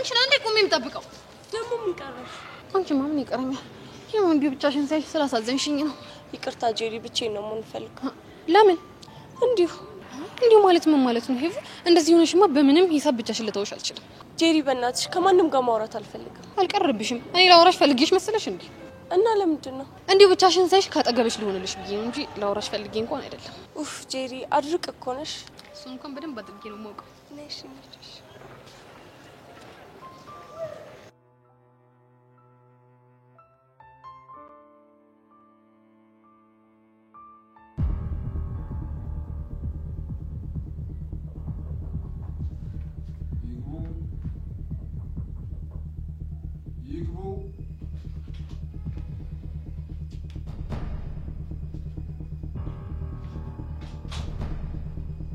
አንቺን እንደ ቁሚ የምጠብቀው ደግሞ ምን ቀረሽ? አንቺማ ምን ይቀረኛል? ይኸው እንዲሁ ብቻሽን ሳይሽ ስላሳዘንሽኝ ነው። ይቅርታ ጄሪ፣ ብቻዬን ነው የምንፈልገው። ለምን እንዲሁ እንዲሁ ማለት ምን ማለት ነው? ሄቭ እንደዚህ ሆነሽማ በምንም ሂሳብ ብቻሽን ልተውሽ አልችልም። ጄሪ፣ በእናትሽ ከማንም ጋር ማውራት አልፈልግም። አልቀርብሽም። እኔ ላውራሽ ፈልጌሽ መሰለሽ እንዴ? እና ለምንድን ነው እንዲሁ ብቻሽን ሳይሽ ካጠገብሽ ሊሆንልሽ ብዬ ነው እንጂ ላውራሽ ፈልጌ እንኳን አይደለም። ኡፍ ጄሪ፣ አድርቅ እኮ ነሽ። እሱ እንኳን በደንብ አድርጌ ነው የማውቀው። people